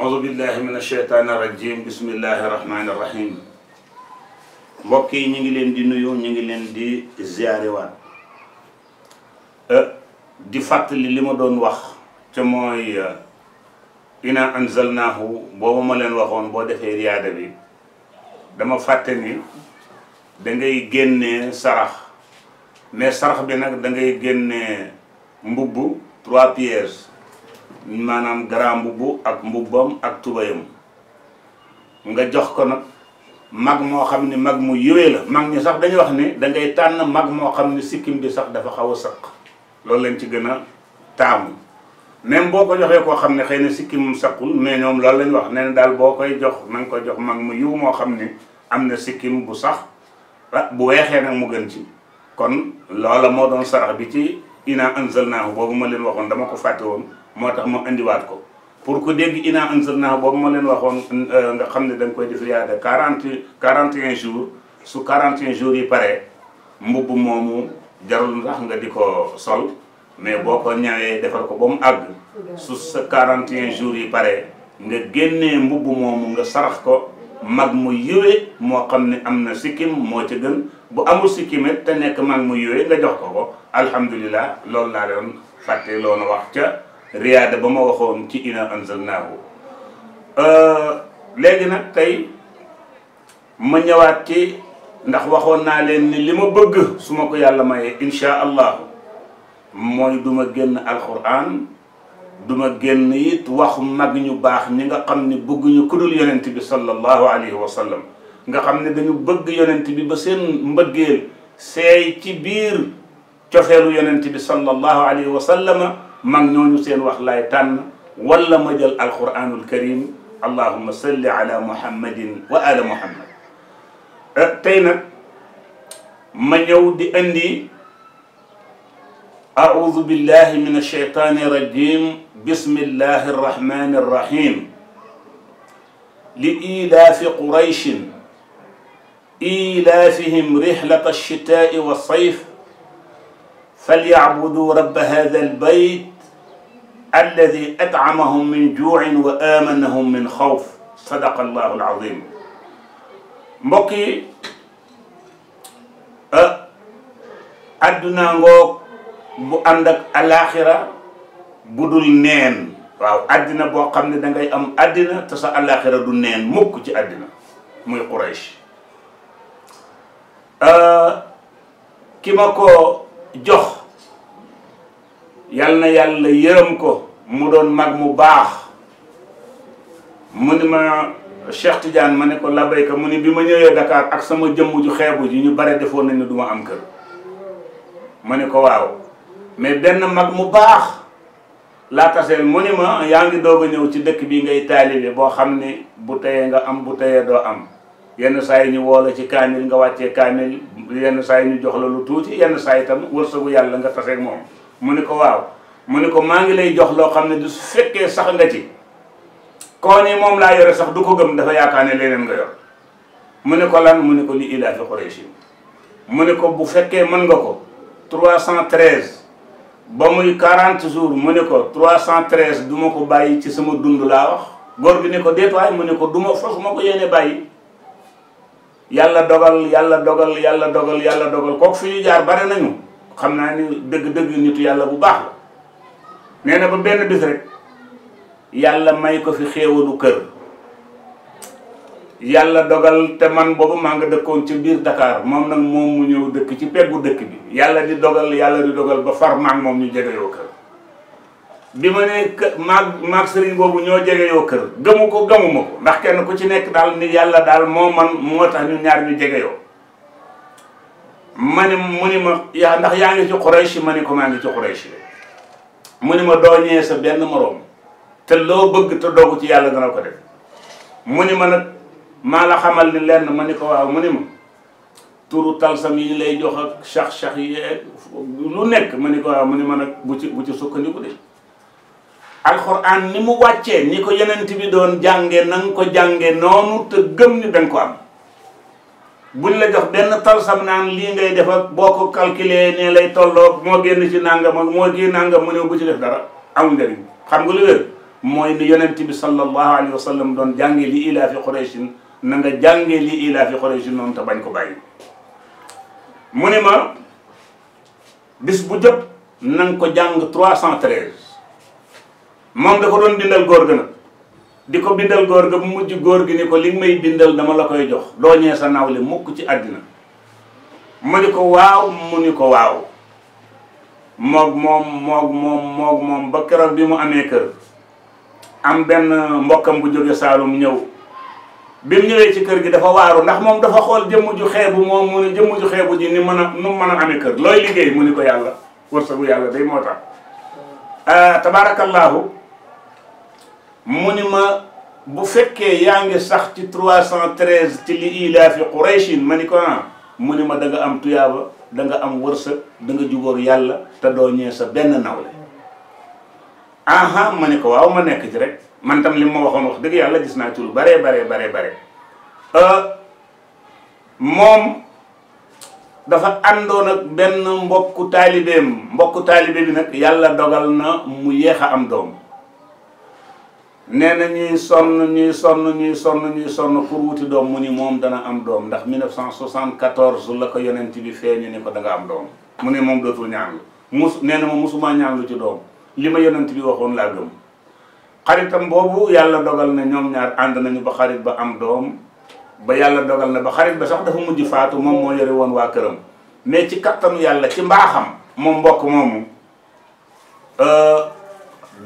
أعوذ بالله من الشيطان الرجيم بسم الله الرحمن الرحيم مبكي نيغي لين دي نويو نيغي لين دي زياري وا ا أه، دي فاتلي لي ما دون واخ تا موي أه، انا انزلناه بو ما لين واخون بو ديفي رياده بي داما فاتني دا ngay генné sarax mais sarax bi nak da ngay генné mbubbu 3 pièces maanaam grand mbubb ak mbubbam ak tubayam nga jox ko nag mag moo xam ne mag mu yówee la mag ñi sax dañu wax ne da ngay tànn mag moo xam ne sikkim di sax dafa xaw a sëq loolu lañ ci gën a taamu même boo ko joxee koo xam ne xëy na sikkimum saqul mais ñoom loolu lañ wax nee ne daal boo koy jox na nga ko jox mag mu yiw moo xam ne am na sikkim bu sax ah, bu weexee nag mu gën ci kon loola moo doon sarax bi ci ina anzalnaahu boobu ma leen waxoon dama ko fàtte woon moo tax ma indiwaat ko pour ku dégg inaa anzalnaa boobu ma leen waxoon euh, nga xam ne dañ koy def riyaada quarante quarante et un su quarante et un jours yi pare mbubb moomu jarul ndax nga di ko sol mais boo ko ñawee defar ko ba mu àgg su quarante jours yi pare nga génnee mbubb moomu nga sarax ko mag mu yiwee moo xam ne am na sikkim moo ci gën bu amul sikkimet te nekk man mu yiwee nga jox ko ko alhamdulilah loolu laa doon fàtte loonu wax ca riyaada ba ma waxoon ci ina anzalnaahu léegi nag tey ma ñëwaat ci ndax waxoon naa leen ni li ma bëgg su ma ko yàlla mayee insha allah mooy duma génn alquran duma génn it wax mag ñu baax ñi nga xam ne bëgguñu dul yonent bi sallallahu alayhi wa sallam nga xam ne dañu bëgg yonent bi ba seen mbëggeel seey ci biir cofeelu yonent bi sallallahu alayhi wa sallama مان نيو سين واخ لاي تان ولا ما جيل القران الكريم اللهم صل على محمد وعلى محمد اتينا نك ما نيو دي اندي اعوذ بالله من الشيطان الرجيم بسم الله الرحمن الرحيم لإيلاف قريش إيلافهم رحلة الشتاء والصيف فليعبدوا رب هذا البيت الذي أطعمهم من جوع وآمنهم من خوف صدق الله العظيم mbokk yi adduna ngoog bu ànd ak alaxira bu dul neen waaw addina boo xam ne da ngay am addina te sa alaxira du neen mukk ci addina muy Quraysh ki ma ko jox yal na yàlla yërëm ko mu doon mag mu baax mu ni ma Cheikh tijan ma ne ko labayka mu ni bi ma ñëwee Dakar ak sama jëmm ju xeebu ji ñu bare defoon nañ ne duma ma am kër ma ne ko waaw mais benn mag mu baax laa taseel mu ni ma yaa ngi doog ñëw ci dëkk bi ngay taalibe boo xam ne bu teyee nga am bu teyee doo am yenn saa yi ñu woola ci kaamil nga wàccee kaamil yenn saa yi ñu jox la lu tuuti yenn saa yi tam wërsëgu yàlla nga taseeg moom mu ne ko waaw mu ne ko maa ngi lay jox loo xam ne du su fekkee sax nga ci koo ne moom laa yore sax du ko gëm dafa yaakaar ne leneen nga yor mu ne ko lan mu ne ko li ilaafi Quraysh mu ne ko bu fekkee mën nga ko 313 ba muy 40 jours mu ne ko 313 du ma ko bàyyi ci sama dund laa wax góor bi ne ko déetwaay mu ne ko du ma fas ma ko yéene bàyyi yàlla dogal yàlla dogal yàlla dogal yàlla dogal kooku fi ñu jaar bare nañu xam naa ni dëgg-dëgg nitu yàlla bu baax la nee ba benn bis rek yàlla may ko fi xéewalu kër yàlla dogal te man boobu maa nga dëkkoon ci biir dakaar moom nag moom mu ñëw dëkk ci peggu dëkk bi yàlla di dogal yàlla di dogal ba far maag moom ñu jege yoo kër bi ma ne kë maag maag sëriñ boobu ñoo jege yoo kër gëmu ko gëmuma ko ndax kenn ku ci nekk daal ni yàlla daal moo man moo tax ñu ñaar ñu jege yoo ma ne mu ni ma yaa ndax yaa ngi ci Quraysh ma ne ko maa ngi ci Quraysh mu ni ma dooñee sa benn moroom te loo bëgg te doogu ci yàlla dana ko def mu ni ma maa la xamal ni lenn ma ni ko waaw mu ni ma turu talsam yi lay jox ak sax-sax yi lu nekk ma ni ko waaw mu nag bu ci bu ci sukkandiku de alxuraan ni mu wàccee ni ko yenent bi doon jànge na ko jànge noonu te gëm ni danga ko am buñ la jox benn talsam naan lii ngay defal ak boo ko calculer ne lay tolloo moo génn ci nangam ak moo kii nangam mu ne bu ci def dara amul njëriñ xam nga lu wér mooy ni yonent bi sallallahu alayhi wa sallam doon jàngee li ilaa fi Qurayshin na nga li ilaa fi Qurayshin noonu te bañ ko bàyyi mu ne ma bis bu jëpp nang ko jàng 313 moom da ko doon bindal góor gën a di ko bindal góor ga mu mujj góor gi ni ko li may bindal dama la koy jox doo ñee sa nawle mukk ci àddina mu ni ko waaw mu ni ko waaw moog moom moog moom moog moom ba keroog bi mu amee kër am benn mbokkam bu jóge Saalum ñëw bi mu ñëwee ci kër gi dafa waaru ndax moom dafa xool jëmm ju xeebu moom mu ni jëmm ju xeebu ji ni mën a nu mën a amee kër looy liggéey mu ni ko yàlla wërsëgu yàlla day moo tax mm. ah, tabaarakallaahu mu ni ma bu fekkee yaa ngi sax ci cent 313 ci li ilaafi Qurayshin ma ni ko ah mu ni ma da nga am tuyaaba da nga am wërsëg da nga jubóor yàlla te doo ñëwee sa benn nawle aha ma ni ko waaw ma nekk ci rek man tam li ma waxoon wax dëgg yàlla gis naa ci lu bare bare bare bare euh, moom dafa àndoon ak benn mbokku taalibeem mbokku taalibe bi nag yàlla dogal na mu yéex a am doom nee na ñuy sonn ñuy sonn ñuy sonn ñuy sonn pour wuti doom mu ni moom dana am doom ndax 1974 la ko yonent bi ñu ni ko danga am doom mu ne moom dootul ñaan lu mus nee na ma musumaa ñaan lu ci doom li ma yonent bi waxoon laa gëm xaritam boobu yàlla dogal na ñoom ñaar ànd nañu ba xarit ba am doom ba yàlla dogal na ba xarit ba sax dafa mujj faatu moom moo yore woon waa këram mais ci kattanu yàlla ci mbaaxam moom mbokk moomu euh,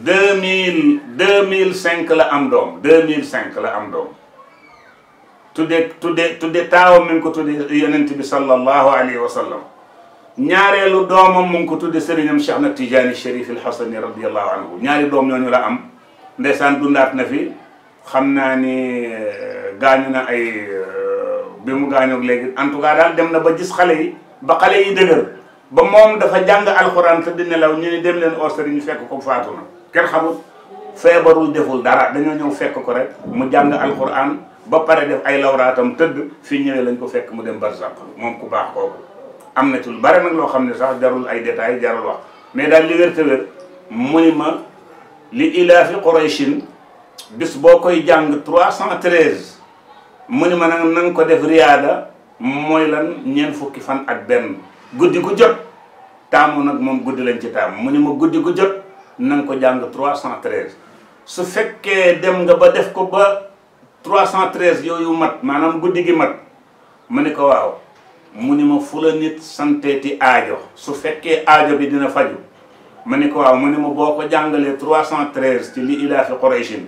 2005 mille deux mille cinq la am doom deux mille cinq mu ngi ko tudde sëriñam Cheikh na Tijaani al Hasani radiallahu anhu ñaari doom ñooñu la am ndeysaan dundaat na fi xam ni gaañu na ay bi mu gaañoog léegi en tout cas daal dem na ba gis xale yi ba xale yi dëgër ba moom dafa jàng alxuraan te di nelaw ñu ne dem leen au sëriñ fekk ko faatu ken xamul febaru deful dara dañu ñew fekk ko rek mu jang alquran ba pare def ay lawratam teud fi ñewé lañ ko fekk mu dem barzakh mom ku baax koku amna na ci lu bare nak lo xamne sax jarul ay detail jarul wax mais dal li wér te wér ma li ilaafi qurayshin bis bokoy jang 313 mu ni ma nag na ko def riyaada moy lan ñen fukki fan ak ben guddigu jot tamu nak mom guddi lañ ci tam jot nang ko jang 313 su fekke dem nga ba def ko ba 313 yoyu mat manam guddigi mat mu ne ko waaw mu ni ma fu la nit santeeti aajo su fekke aajo bi dina faju mu ne ko waaw mu ma boo ko 313 ci li ila fi Qurayshin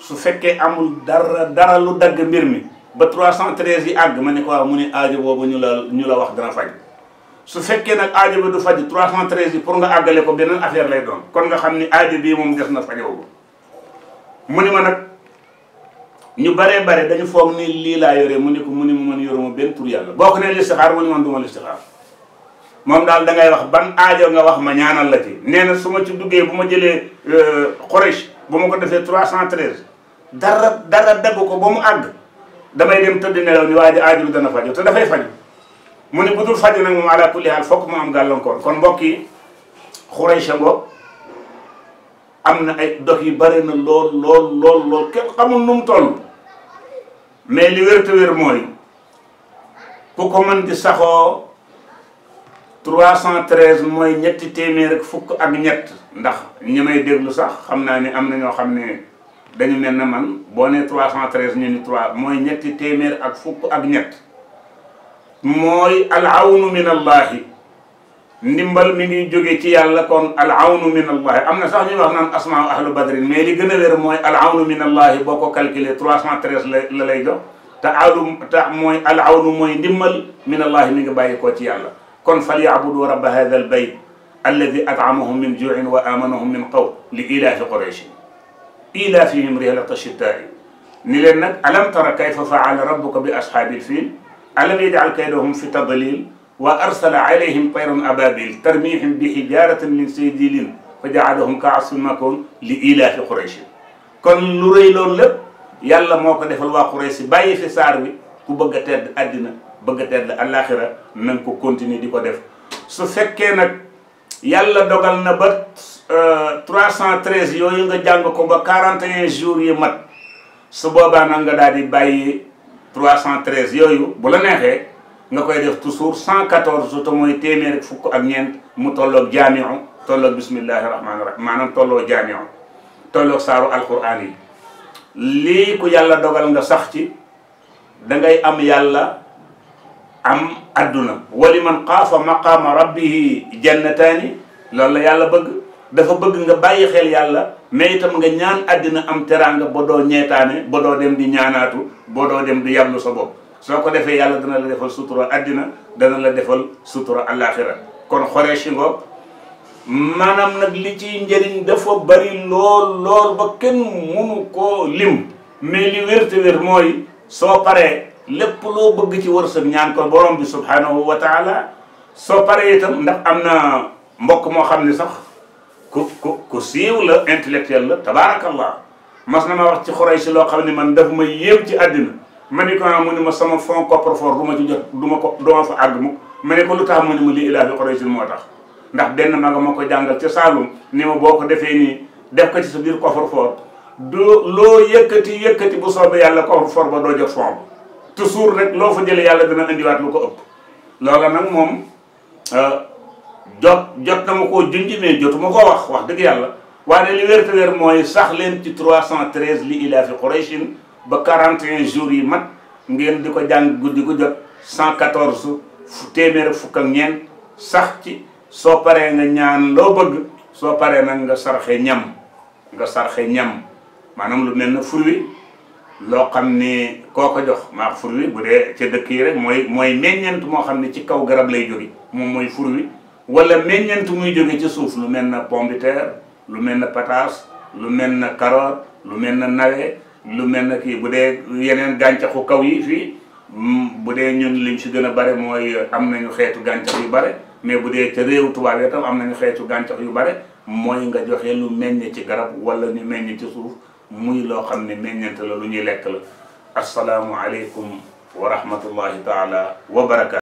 su fekke amul dara dara lu dag mbir mi ba 313 yi ag ma ko waaw mu aajo bobu ñu la ñu la wax dara faju su fekkee nag aajo bi du faj 313 yi pour nga àggale ko beneen affaire lay doon kon nga xam ni aajo bii moom des na fajoo mu ni ma nag ñu baree bare dañu foog ni lii laa yore mu ni ko mu ni ma mën yoruma benn tur yàlla boo ko nee listixaar mu ni man du ma listixaar moom daal dangay wax ban aajo nga wax ma ñaanal la ci nee na su ma ci duggee bu ma jëlee xorich euh, bu ma ko defee 313 dara dara dagg ko ba mu àgg damay dem tëdd nelaw ni waa ji aajo bi dana faju te dafay faju mu ne bu dul faju nag moom ala kulli haal fokk mu am gàllankoor kon mbokk yi xuraysa ngoog am na ay dox yu bare na lool lool lool lool kenn xamul nu mu toll mais li wér te wér mooy ku ko mën di saxoo 313 mooy ñetti téeméer ak ak ñett ndax ñi may déglu sax xam naa ni am na ñoo xam ne dañu mel ne man boo nee 313 ñu mooy ñetti téeméer ak fukk ak ñett. mooy al awnu min allahi ndimbal mi ngi jóge ci yàlla kon al awnu min allahi am na sax ñuy wax naan asmaa ahlu badrin mais li gën a wér al awnu min allahi boo ko calculé la lay jox te awlu te mooy al awnu mooy ndimbal min allahi mi ngi bàyyi ci yàlla kon fal yaabudu rabba hadha al bayt alladi atamahum min juin wa amanahum min qaw li ilaafi quraysh ilaafihim rihlata shitaai ni leen nag alam tara kayfa faala rabbuka bi ashaabil fiil ألم يجعل كيدهم في تضليل وأرسل عليهم طير أبابيل ترميهم بحجارة من سجيل فجعلهم كعص مكون لإله قريش كن لوري لون لب يلا موكا دفل قريش باي في ساروي كو بغا تد أدنى بغا تد الأخرة من كو كونتيني ديكو دف سو فكي نك يلا دوغل نبت 313 يوين جانبكو ب 41 جوري مت سبوبا نانغا دادي باي 313 yoyu bu la nexé nga koy def toujours 114 auto moy témer ak fukk ak ñeent mu tollok jami'u tollok bismillahir rahmanir rahim manam tollo jami'u tollok saaru alqur'ani li ku yàlla dogal nga sax ci da ngay am yàlla am aduna waliman qafa maqama rabbih rabbihi lool la yàlla bëgg dafa bëgg nga bàyyi xel yàlla mais itam nga ñaan àddina am teranga ba doo ñeetaane ba doo dem di ñaanaatu ba doo dem di yàllu sa bopp soo ko defee yàlla dana la defal sutura àddina dana la defal sutura àllaaxira kon xoree si ngoog maanaam nag li ciy njëriñ dafa bari lool lool ba kenn munu koo lim mais li wérte wér mooy soo paree lépp loo bëgg ci wërsëg ñaan ko borom bi subhanahu wa taala soo paree itam ndax am na mbokk moo xam ne sax كسيو الانتلكتيال تبارك الله ما سنما وقت خريش لو خامني من داف ما ييب تي ادنا ماني كو ما ما سما فون كوبر فور دوما تي جوت دوما كو دوما فا اد مو ماني كو لوتاخ ماني لي اله قريش موتاخ ndax ben ماغا مكو جانغال تي سالوم نيما بوكو ديفي ني ديف كو تي سبير كوبر فور دو لو يكتي يكتي بو صوب يالا كوبر فور با دو جوت فون تسور رك لو فا جيل يالا دنا اندي وات لوكو اوب لولا نك موم jot jot na mako koo mais jot mako wax wax deug yalla wane li wér te moy sax len ci 313 li ila fi quraish ba 41 jours yi mat ngeen diko jang guddi gu jot 114 fu temer fukk ak ñeent sax ci so paree nga ñaan lo bëgg so paree nak nga sarxé ñam nga sarxé ñam manam lu mel furwi lo wi koko jox ma furwi bu dé ci dëkk yi rek moy moy meññent mo xam ci kaw garab lay jori mom moy furwi wala meññeent muy jóge ci suuf lu mel na pombiteer lu mel na pataas lu mel na carotte lu mel na nawe lu mel na kii bu dee yeneen gàncaxu kaw yi fii mm, bu dee ñun liñ si gën a bare mooy am nañu xeetu gàncax yu bare mais bu dee ca réew tubaab yi tam am nañu xeetu gàncax yu bare mooy nga joxe lu meññ ci garab wala ñu meññ ci suuf muy loo xam ne meññeent la lu ñuy lekk la asalaamualeykum wa rahmatullahi taala wa barakaatu